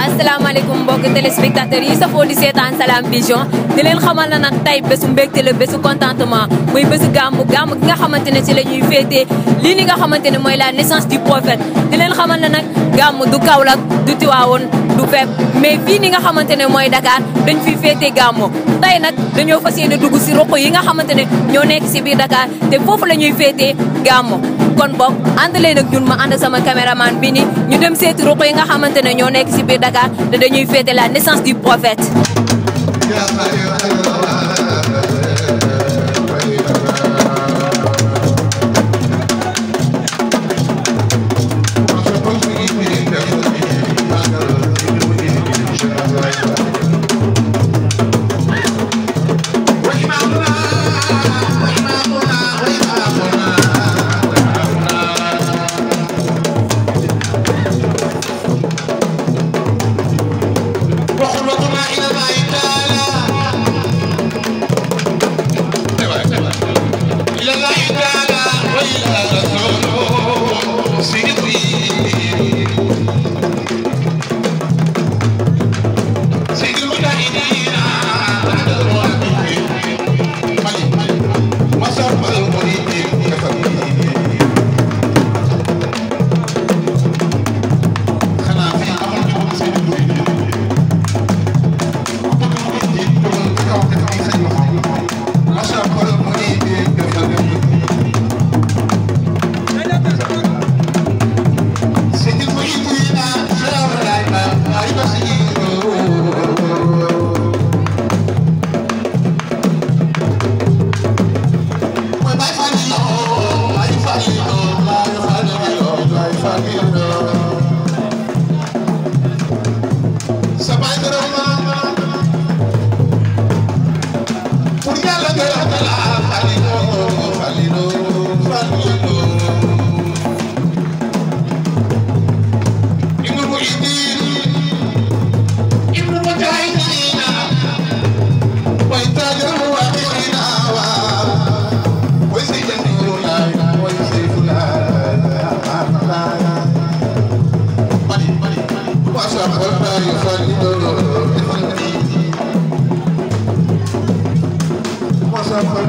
asalaamaaleykum mbokk téléspectateurs yi safoo di seetaan Salam Vision di leen xamal na nag tey bésu mbégte la bésu contentement muy bésu gàmmu gàmmu ki nga xamante ne ci la ñuy féetee lii ni nga xamante ne mooy la naissance du prophète di leen xamal na nag gàmmu du Kaolack du Tiwaawoon du fépp mais fii ni nga xamante ne mooy Dakar dañ fiy féetee gàmmu tey nag dañoo fas yéene dugg si ruq yi nga xamante ne ñoo nekk si biir Dakar te foofu la ñuy féetee kon boog ànd leen ak ñun ma ànd sama caméraman bi ni ñu dem seeti ruq yi nga xamante ne ñoo nekk si biir Dakar te dañuy féete la naissance du prophète Falilu Falilu Falilu